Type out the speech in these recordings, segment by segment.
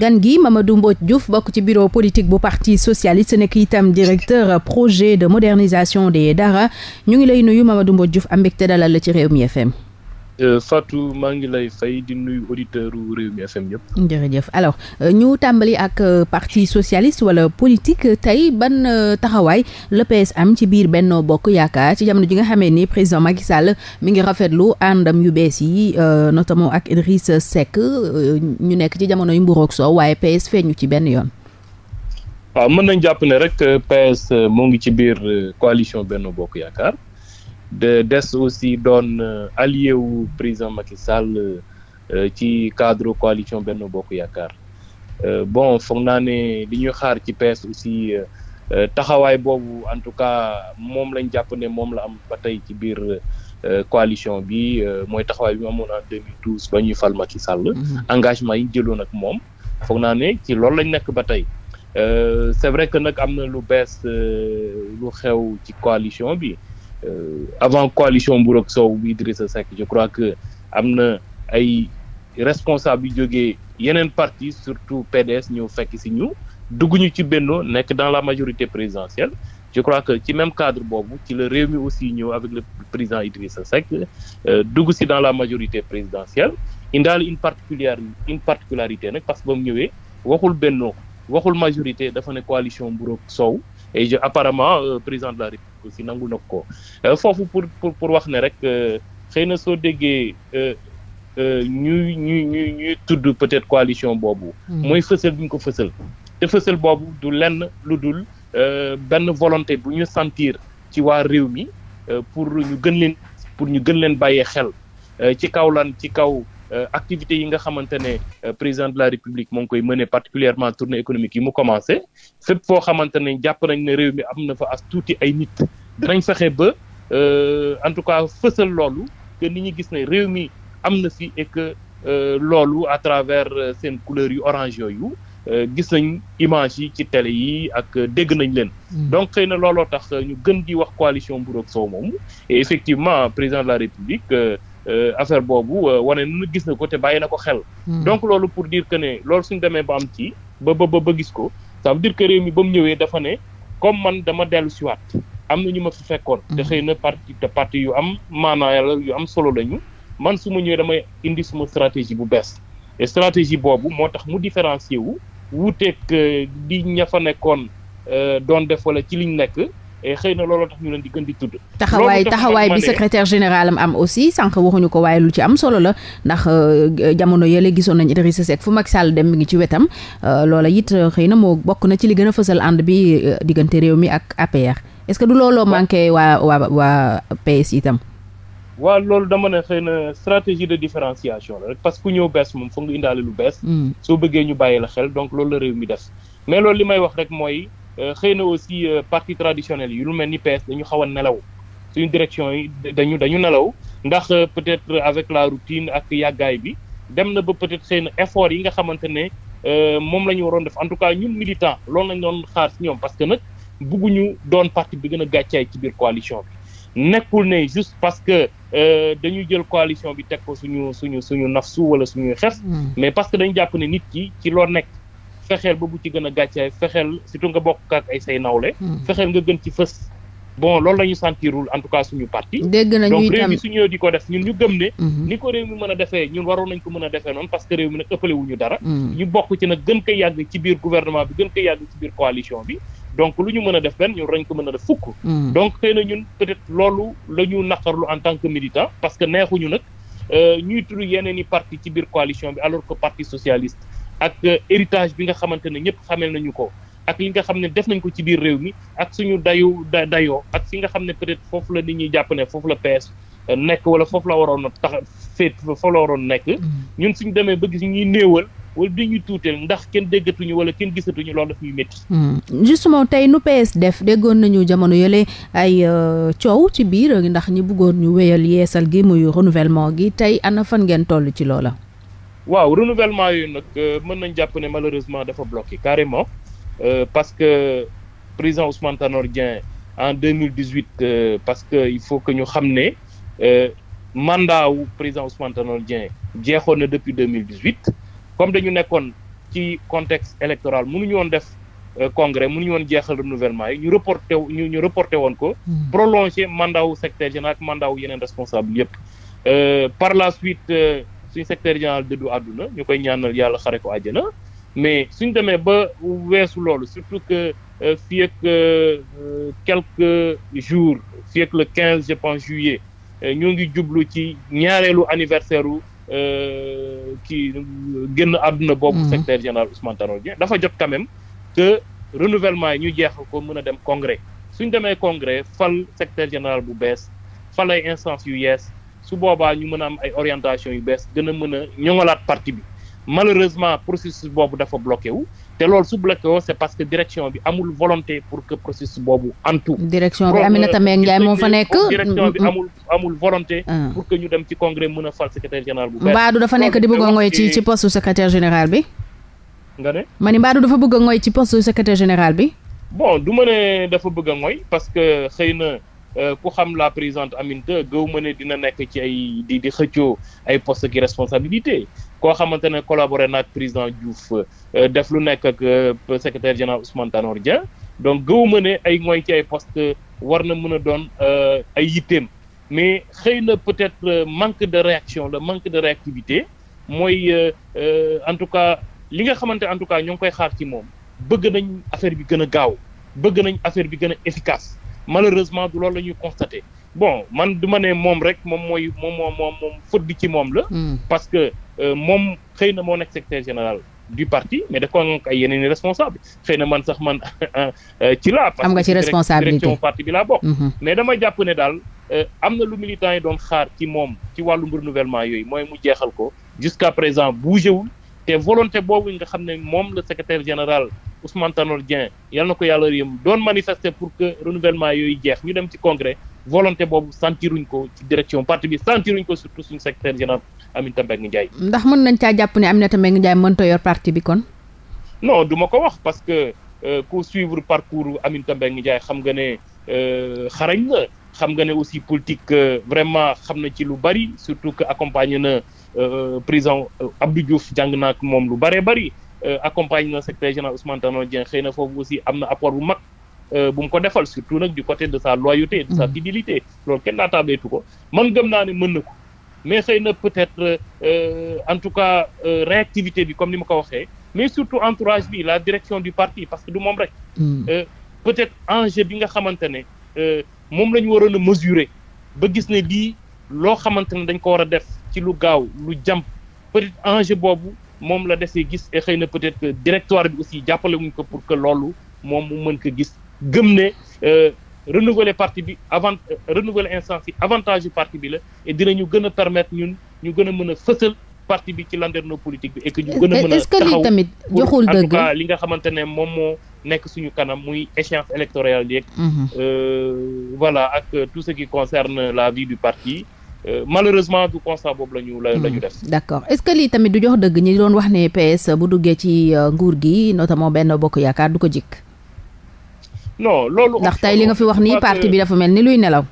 gan gi Mamadou Mbodj Diouf bokk ci bureau politique bu parti socialiste nekk itam directeur projet de modernisation des dara ñu ngi lay nuyu Mamadou Mbodj Diouf am mbégte dalal la ci Rewmi FM Euh, Fatou maa ngi lay fay di auditeur auditeurs u Rewmi FM yëpp. jërëjëf euh, ñu tàmbali ak euh, parti socialiste wala politique tey ban taxawaay le PS am ci biir Benno Bokk Yaakaar ci jamono ji nga xamee ni président Macky Sall mi ngi rafetlu àndam yu bees yi notamment ak Idriss Seck ñu nekk ci jamono yu mburoog soo waaye PS feeñu ci benn yoon. waaw mën nañ jàpp ne rek PS moo ngi ci biir coalition Benno Bokk Yaakaar. de des aussi doon euh, allié wu président Macky Sall euh, euh, ci cadre coalition benn Bokk Yaakaar bon foog naa ne li ñuy xaar ci pees aussi taxawaay boobu en tout cas moom lañ jàpp ne moom la am ba tey ci biir coalition bi mooy taxawaay bi mu amoon en ba ñuy fal Macky Sall. Mhm. engagement yi jëloo ak moom. foog naa ne ci loolu lañ nekk ba tey c'est vrai que nag am na lu bees lu xew ci coalition bi. Euh, avant coalition Mburok soow bu Idrissa Seck je crois que am na ay responsable yu jógee yeneen parti surtout PDS ñëw fekk si ñu dugg ñu ci Benno nekk dans la majorité présidentielle je crois que ci même cadre boobu ci la réew mi aussi ñëw avec le président Idrissa sec euh, dugg si dans la majorité présidentielle indaal une particulière une particularité nag parce que ba mu ñëwee waxul Benno waxul majorité dafa ne coalition Mburok Sow et je apparemment euh, président de la République aussi nangu na ko euh, foofu pour pour pour wax ne rek euh, xëy na soo déggee euh, ñuy ñuy ñuy ñuy tudd peut-être coalition boobu. Hmm. mooy fësal buñ ko fësal. te fësal boobu du lenn lu dul benn volonté bu ñu sentir ci waa réew mi pour ñu gën leen pour ñu gën leen bàyyee xel ci kaw lan ci kaw. Euh, activités yi nga xamante ne euh, président de la république moo ngi koy mëne particulièrement tournée économique yi mu commencé fépp foo xamante ne jàpp nañ ne réew mi am na fa as tuuti ay nit danañ fexe ba euh, en tout cas fësal loolu que nit gis ne réew mi am na fi et que loolu à travers seen couleurs yu orange yooyu gis nañ image yi ci télé yi ak dégg nañ leen. Mm. donc xëy na looloo tax ñu gën di wax coalition Mbuur ak Soow moom. et effectivement président de la république. Euh, affaire boobu euh, wane na gis na ko te bàyyi na ko xel. Hmm. donc loolu pour diir que ne loolu suñ demee ba am ci ba ba ba gis ko ça veut dire que réew mi ba mu ñëwee dafa ne comme man dama dellu siwaat am na ñu ma fi fekkoon. Hmm. te xëy na parti yu am maanaa yu am solo lañu man su ma ñëwee damay indi suma stratégie bu bees stratégie boobu moo tax mu différencier wu wuuteeg euh, di ña fa nekkoon doon def wala ci liñ nekk. Eh, xëy na looloo tax ñu leen di tudd. taxawaay taxawaay bi secrétaire général am aussi sànq waxuñu ko waaye lu ci am solo la ndax euh, jamono yële gisoon nañ Idrissa Seck fu Macky Sall dem mi ngi ci wetam euh, loola it euh, xëy na moo bokk na ci li gën a fësal ànd bi diggante réew mi ak APR est-ce que du looloo manqué waa waa waa itam. waaw loolu dama ne xëy na stratégie de différenciation la rek parce que ku ñëw bees moom foog nga indaale lu bees. Mm. soo bëggee ñu bàyyi la xel donc loolu la réew mi def mais loolu li may wax rek mooy. Euh, xëy na aussi euh, parti traditionnel yi lu mel ni pes dañu xaw nelaw suñu direction yi dañu dañu nelaw ndax euh, peut-être avec la routine ak yàggaay bi dem na ba peut-être xëy na effort yi nga xamante ne moom la ñu waroon def en tout cas ñun militant loolu lañ doon xaar si ñoom parce que nag bugguñu doon parti bi gën a gàccaay ci biir coalition bi nekkul ne juste parce que dañuy jël coalition bi teg ko suñu suñu suñu su wala suñu xef hmm. mais parce que dañu jàpp ne nit ki ci loo nekk fexeel ba bu ci gën a gàccaay fexeel surtout nga bokk ak ay say nawle. Hmm. fexeel nga gën ci fës. bon loolu la sentirul en tout cas suñu parti. dégg nañu donc réew mi su ñëwee di ko def ñu hmm. defee ñun waroon que réew mi nag ëppale wuñu dara. Hmm. ñu bokk ci nag gën koy yàgg ci biir gouvernement bi gën koy yàgg ci biir coalition bi. donc lu ñu mën a def benn ñun rañ ko mën a def fukk. donc xëy na ñun peut loolu la ñu en tant que militant parce que neexuñu nag euh, ñuy tudd yeneen i parti ci biir coalition bi alors que parti socialiste. ak euh, héritage bi nga xamante ne ñëpp xamel nañu ko ak li nga xam ne def nañ ko ci biir réew mi ak suñu dayu dayoo ak fi nga xam ne peut-être foofu la nit ñi jàpp ne foofu la PS euh, nekk wala foofu la waroon a tax féet waroon nekk. Mm. ñun suñu demee ba gis ñuy néewal. wala di ñuy tuuteel ndax kenn déggatuñu wala kenn gisatuñu loolu daf ñuy métti. Mm. justement tey nu PS def déggoon nañu jamono yële ay euh, coow ci biir ndax ñi buggoon ñu wéyal yeesal gi muy renouvellement gi tey ana fan ngeen toll ci loola. waaw renouvellement yooyu nag euh, mën nañ jàpp ne malheureusement dafa bloqué carrément euh, parce que président Ousmane Tanor Dieng en 2018 euh, parce que il faut que ñu xam ne mandat wu président Ousmane Tanor jeexoon na depuis 2018 comme dañu nekkoon ci contexte électoral mënuñu woon def congrès mënuñu woon jeexal renouvellement yi ñu reporté ñu ñu reporté woon ko hmm. prolongé mandat wu secrétaire général ak mandat wu yeneen responsable yépp par la suite suñu secrétaire général dëddu àdduna ñu koy ñaanal yàlla xare ko àjjana mais suñ demee ba weesu loolu surtout que euh, fii ak euh, euh, quelques jours fii quinze je pense juillet ñoo ngi jublu ci ñaareelu anniversaire u kii génn àdduna boobu mm-hmm. secrétaire général Ousmane Tanor dafa jot quand même que renouvellement yi ñu jeex ko mën a dem congrès suñ demee congrès fal secrétaire général bu bees fal ay instance yu yees su boobaa ñu mën am ay orientation yu bees gën a mën a ñoŋalaat parti bi malheureusement processus boobu dafa bloqué wu te loolu su bloqué woo c'est parce que direction bi amul volonté pour que processus boobu antu direction bi Aminata euh, Mbengue Ndiaye moom fa nekk direction bi amul amul volonté ah. pour que ñu dem ci congrès mën a fal secrétaire général bu dafa nekk di bëgg a ngoy ci ci bi nga ne ma ni Mbadou dafa bëgg a ngoy ci poste secrétaire général bi bon du ma ne dafa bëgg a ngoy parce que xëy na Euh, ku xam la présidente Aminata gëw ma ne dina nekk ci ay di di ay poste ki responsabilité koo xamante ne collaboré naag président Diouf euh, def lu nekk secretaire euh, secrétaire général Ousmane donc gëw ma ne ay mooy ci ay poste war na mën a doon ay yitteem mais xëy na peut-être manque de réaction le manque de réactivité mooy en tout cas li nga xamante en tout cas ñoo ngi koy xaar ci moom bëgg nañ affaire bi gën a gaaw bëgg nañ affaire bi gën a efficace malheureusement du loolu lañuy ñuy bon man du ma ne moom rek moom mooy moom moom moom moom faute bi ci moom la. Hmm. parce que euh, moom xëy na moo nekk secrétaire général du parti mais de ko am ay yeneen i responsable xëy na man sax man euh, ci laa. am nga ci responsabilité direction parti bi la bokk. Hmm. mais dama jàpp ne daal euh, am na lu militant yi doon xaar ci moom ci wàllum renouvellement yooyu mooy mu jeexal ko jusqu'à présent bougé wul te volonté boobu nga xam ne moom la secretaire général. Ousmane Tanor Dieng yal na ko yàlla yëm doon manifester pour que renouvellement yooyu jeex ñu dem ci congrès volonté boobu sentiruñ ko ci direction parti bi sentiruñ ko surtout suñu secrétaire général Aminata Mbengue Ndiaye. ndax mën nañ caa jàpp ne Aminata Mbengue Ndiaye mënta yor parti bi kon. non duma ko wax parce que euh, ku suivre parcours Aminata Mbengue Ndiaye xam nga ne euh, xarañ la xam nga ne aussi politique euh, vraiment xam na ci lu bari surtout que accompagné na président Abdou Diouf jàng naa moom lu baree bari. Euh, accompagne na secrétaire général Ousmane Tanor Dieng xëy na foofu aussi am na apport bu mag euh, bu mu ko defal surtout nag du côté de sa loyauté de sa mm. fidélité loolu kenn naataableetu ko man gëm naa ne mën na ko mais xëy na peut-être euh, en tout cas réactivité bi comme ni ma ko waxee mais surtout entourage bi la direction du parti parce que du moom rek mm. peut-être enjeu bi nga xamante ne moom la ñu waroon a mesurer ba gis ne lii loo xamante ne dañ ko war a def ci lu gaaw lu jàmp peut-être enjeu boobu moom la desee gis et xëy na peut-être que directoire bi aussi jàppale wuñ ko pour que loolu moom mu mën ko gis gëm ne euh, renouveler parti bi avant euh, renouveler instance yi avantage yu bi la et dinañu gën a permettre ñun ñu gën a mën a fësal parti bi ci landerneau politique bi et que ñu gën a mën a taxaw tamit joxul dëgg li nga xamante ne moom moo nekk suñu kanam muy échéance électorale yeeg mhm. euh, voilà ak tout ce qui concerne la vie du parti Euh, malheureusement du constat boobu la ñu la ñu hmm. def. d'accord est-ce que lii tamit du jox dëgg ñi doon wax ne PS bu duggee ci euh, nguur gi notamment benn bokk yaakaar du ko jikk non loolu. ndax tey li nga fi wax nii parti bi dafa mel ni luy nelaw.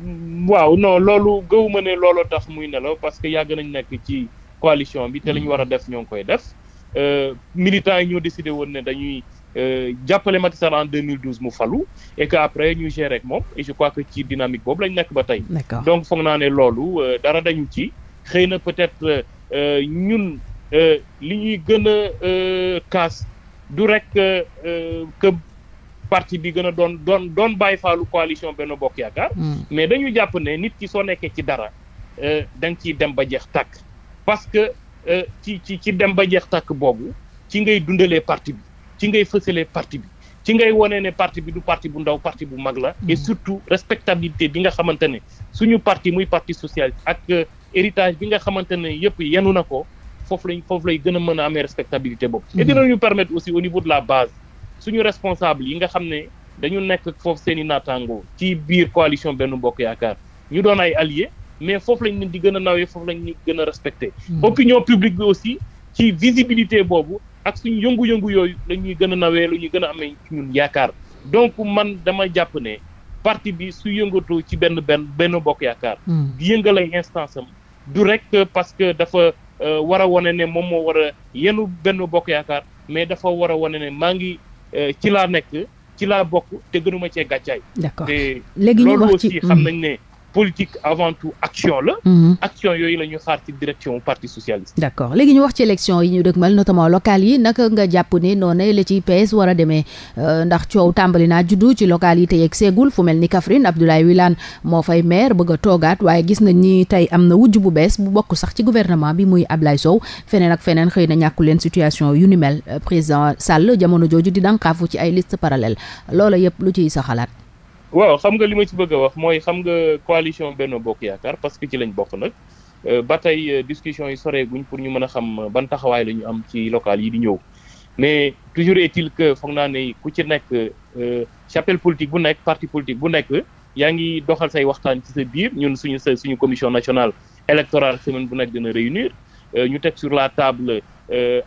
Hmm, waaw no loolu gëwuma ne looloo tax muy nelaw parce que yàgg nañ nekk ci coalition bi te li ñu hmm. war a def ñoo ngi koy def euh, militants yi ñoo décidé woon ne dañuy. Euh, jàppale Macky Sall en 2012 mu falu et que après ñu gérer moom et je crois que ci dynamique boobu lañ nekk ba tey. donc foog naa ne loolu euh, dara dañu ci xëy na peut-être euh, ñun li ñuy gën a kaas du rek que parti bi gën a doon doon doon bàyyi faalu coalition benn Bokk Yaakaar. Hmm. mais dañu jàpp ne nit ki soo nekkee ci dara da nga ciy dem ba jeex takk parce que ci ci ci dem ba jeex takk boobu ci ngay dundalee parti bi. ci ngay fësalee parti bi ci ngay wane ne parti bi du parti bu ndaw parti bu mag la. Mm-hmm. et surtout respectabilité bi nga xamante ne suñu parti muy parti socialiste ak euh, héritage bi nga xamante ne yëpp yenu na ko foofu lañ foofu lay gën a mën a amee respectabilité boobu. Mm-hmm. et dinañu permettre aussi au niveau de la base suñu responsable yi nga xam ne dañu nekk foofu seen i naataangoo ci biir coalition benn Bokk Yaakaar ñu doon ay alliés mais foofu lañ leen di gën a nawee foofu lañ ñu gën a respecté. Mm-hmm. opinion publique bi aussi ci visibilité boobu. ak suñu yëngu-yëngu yooyu la ñuy gën a nawee lu ñuy gën a amee ci ñun yaakaar donc man dama jàpp ne parti bi su yëngatu ci benn benn benn bokk yaakaar. di hmm. yëngal ay instance am du rek parce que dafa euh, war a wane ne moom moo war a yenu benn bokk yaakaar mais dafa war a wane ne maa ngi euh, ci laa nekk ci laa bokk te gënuma cee gàccaay. d'accord léegi ñu wax ci xam hmm. nañ ne. politique avant tout action la. Mhm. action yooyu la ñu xaar ci direction parti socialiste. d' accord léegi ñu wax ci élection yi ñu dëgmal notamment locales yi naka nga jàpp ne noonu la ci PS war a demee euh, ndax coow tàmbali naa juddu ci locales yi te yegg seegul fu mel ni Kaffrine Abdoulaye Wilane moo fay maire bëgga toogaat waaye gis nañ ni tey am na wujj bu bees bu bokk sax ci gouvernement bi muy Ablaye Sow feneen ak feneen xëy na ñàkku leen situation yu ni mel euh, président Sall jamono jooju di ci ay liste parallèle loola yëpp lu ciy sa xalaat. waaw xam nga li ma ci bëgg wax mooy xam nga coalition Benno Bokk Yaakaar parce que ci lañ bokk nag euh, ba tey euh, discussion yi guñ pour ñu mën a xam euh, ban taxawaay la am ci local yi di ñëw mais toujours et il que foog naa ne ku ci nekk chapelle politique bu nekk parti politique bu nekk yaa ngi doxal say waxtaan ci sa biir ñun suñu sa suñu commission nationale électorale semaine bu nekk dina réunir ñu teg sur la table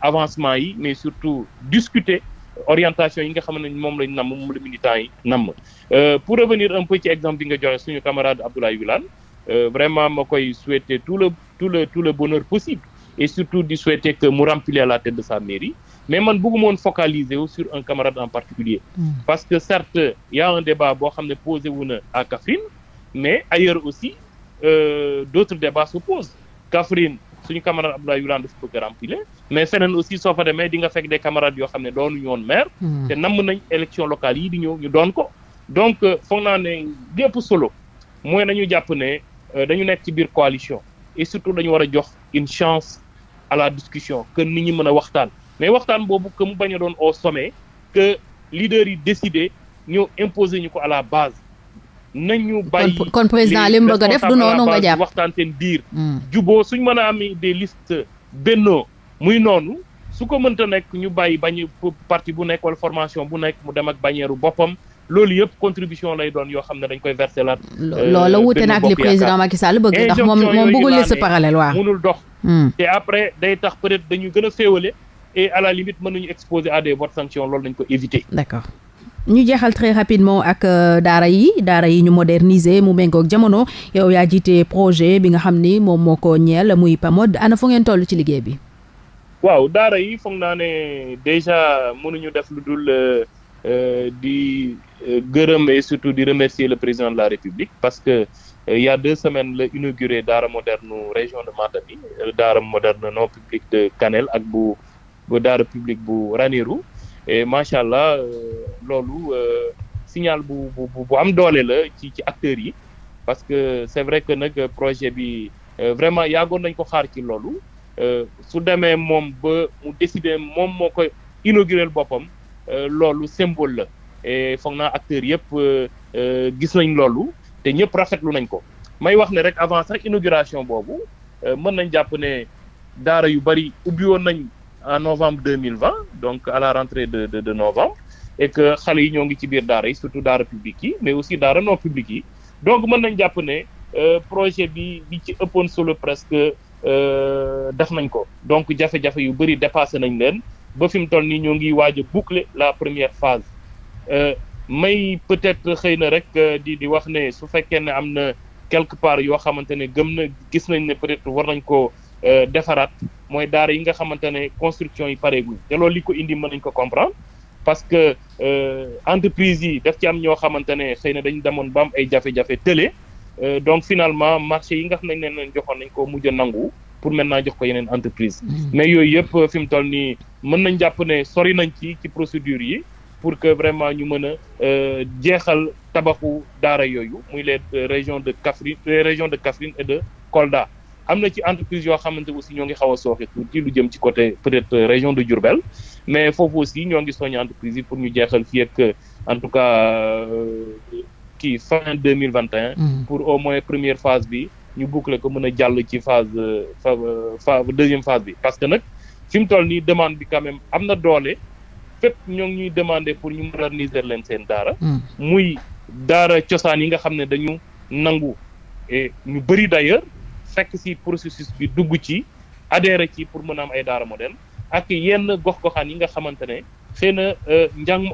avancement yi mais surtout discuter orientation yi nga xam ne moom lañ namm moom la militants yi namm euh, pour revenir un peu exemple bi nga joxe suñu camarade Abdoulaye Wilane euh, vraiment ma koy souhaiter tout le tout le tout le bonheur possible et surtout di souhaiter que mu remplir à la tête de sa mairie mais man bëgguma woon focaliser wu sur un camarade en particulier mm. parce que certes y a un débat boo xam ne posé wu na à Kaffrine mais ailleurs aussi euh, d'autres débats se posent Kaffrine suñu camarade Abdoulaye Wilane dafa bëgg a rempiler mais feneen aussi soo fa demee di fekk des camarades yoo xam ne doonuñu woon maire. Hmm. te namm nañ élection locale yi di ñëw ñu doon ko. donc euh, foog naa ne lépp solo mooy na ñu jàpp ne euh, dañu nekk ci biir coalition et surtout dañu war a jox une chance à la discussion que nit ñi mën a waxtaan mais waxtaan boobu que mu bañ a doon au sommet que leader yi décider ñëw imposer ñu ko à la base. nañu bàyyi kon président li mu bëgg a def du noonu nga jàpp waxtaan seen biir hmm. juboo suñ mën a am des listes bennoo muy noonu su ko mënta nekk ñu bàyyi bañ parti bu nekk wala formation bu nekk mu dem ak bannière boppam loolu yëpp contribution lay doon yoo xam ne dañ koy verser laat euh, loolu wute na ak li président Macky Sall bëgg ndax moom moom bëggul liste parallèle waaw mënul dox hmm. te après day tax peut-être dañu gën a féewale et à la limite mën nañu exposer à des votes sanctions loolu dañ ko éviter d'accord ñu jeexal très rapidement ak euh, daara yi daara yi ñu moderniser mu méngoog jamono yow yaa jiite projet bi nga xam ni moom moo ko ñeel muy PAMOD ana fu ngeen toll ci liggéey bi. waaw daara yi foog naa ne déjà mënuñu def lu dul euh, euh, di gërëm et surtout di remercier le président de la République parce que il y deux semaines la inauguré daara moderne région de Matam yi daara moderne non public de Kanel ak bu daara public bu Ranérou. et macha allah euh, loolu euh, signal bu bu am doole la ci ci acteurs yi parce que c'est vrai que nag projet bi euh, vraiment yàggoon nañ ko xaar ci loolu su demee moom ba mu décider moom moo koy inaugurer boppam loolu symbole la e foog naa acteurs yëpp gis nañ loolu te ñëpp rafetlu nañ ko may wax ne rek avant sax inauguration boobu mën nañ jàpp ne daara yu bari ubbi nañ en novembre deux mille vingt donc à la rentrée de de, de novembre et que xale yi ñoo ngi ci biir daara yi surtout daara publique yi mais aussi daara non publique yi donc mën nañ jàpp ne euh, projet bi bi ci ëppoon solo presque euh, def nañ ko donc jafe-jafe yu bëri dépassé nañ leen ba fi mu toll nii ñoo ngi waaj a boucler la première phase euh, may peut-être xëy na rek di di wax ne su fekkee ne am na quelque part yoo xamante ne gëm na gis nañ ne peut-être war nañ ko Euh, defaraat mooy daara yi nga xamante ne construction yi pareeguñ te loolu li ko indi mën nañ ko comprendre parce que euh, entreprise yi daf ci am ñoo xamante ne xëy na dañu demoon ba ay jafe-jafe tële euh, donc finalement marché yi nga xam nañ leen joxoon nañ ko mujj a nangu pour maintenant jox ko yeneen entreprise mm-hmm. mais yooyu yëpp fi mu toll nii mën nañ jàpp ne sori nañ ci ci procédure yi pour que vraiment ñu mën a jeexal tabaxu daara yooyu muy les régions de Kaffrine les de Kaffrine et Kolda am na ci entreprise yoo xamante aussi ñoo ngi xaw a sooxe tuuti lu jëm ci côté peut-être région de Diourbel mais foofu aussi ñoo ngi soññ entreprise yi pour ñu jeexal fii ak en tout cas euh, kii fin deux mille vingt et un mm-hmm. pour au moins première phase bi ñu boucler ko mën a jàll ci phase phase deuxième phase bi parce que nag fi mu toll nii demande bi quand même am na doole fépp ñoo ngi ñuy demander pour ñu moderniser leen seen daara mm. muy daara cosaan yi nga xam ne dañu nangu et ñu bëri d'ailleurs fekk si processus bi dugg ci adhéré ci pour mën a am ay daara modèle ak yenn gox-goxaan yi nga xamante ne xëy na euh, njàngum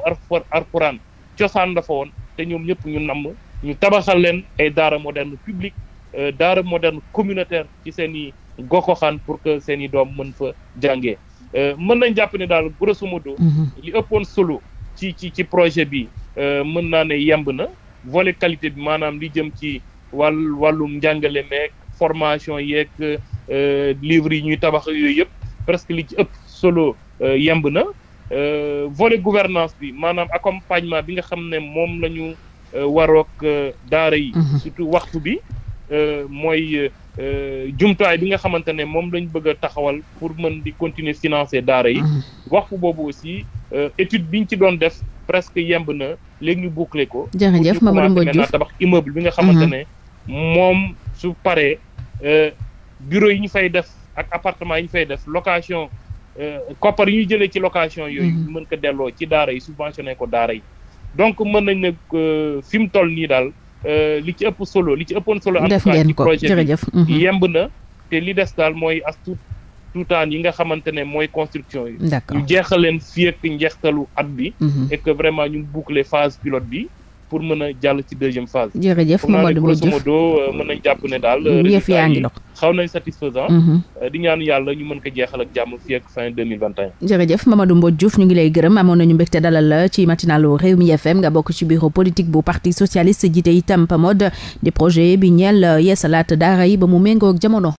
alxuraan cosaan dafa woon te ñoom ñëpp ñu namm ñu tabaxal leen ay daara moderne public euh, daara moderne communautaire ci seen i gox-goxaan pour que seen i doom mën fa jàngee euh, mën nañ jàpp ne daal grosso modo mhm. li ëppoon solo ci ci ci projet bi mën naa ne yemb na volet qualité bi maanaam li jëm ci wàll wàllum njàngale meek formation yeeg euh, livres yi ñuy tabax yooyu yëpp presque li ci ëpp solo euh, yemb na euh, volet gouvernance bi maanaam accompagnement bi nga xam ne moom la ñu waroog daara yi mhm. surtout waxtu bi mooy jumtuwaay bi nga xamante ne moom lañ bëgg a taxawal pour mën di continuer financer daara yi mhm. waxtu boobu aussi étude bi biñ ci doon def presque yemb na léegi ñu boucler ko jërëjëf Mamadou Mbodj mhm. moom su paree Euh, bureau yi ñu fay def ak appartement yi ñu fay def location euh, koppar yi ñu jëlee ci location yooyu mhm. mën ko delloo ci daara yi subventionné ko daara yi donc mën nañ ne euh, fi mu toll nii daal li ci ëpp solo li ci ëppoon solo en tout cas ci projet bi mhm. yemb na te li des daal mooy as tuut yi nga xamante ne mooy construction yi ñu jeexaleen fii ak njeextalu at bi mhm. et vraiment ñu boucler phase pilote bi pour mën a jàll ci deuxième phase. jërëjëf Mamadou Mbodj Diouf grosso modo euh, mën nañ jàpp ne daal. Euh, ngi dox xaw nañ satisfaisant. Mhm. Euh, di ñaan yàlla ñu mën ko jeexal ak jàmm fii ak fin 2021. ñu ngi lay gërëm amoon nañu mbégte dalal la ci matinalu Rewmi FM nga bokk ci bureau politique bu parti socialiste jiite itam PAMOD di projet bi ñeel yeesalaat daara yi ba mu méngoo ak jamono.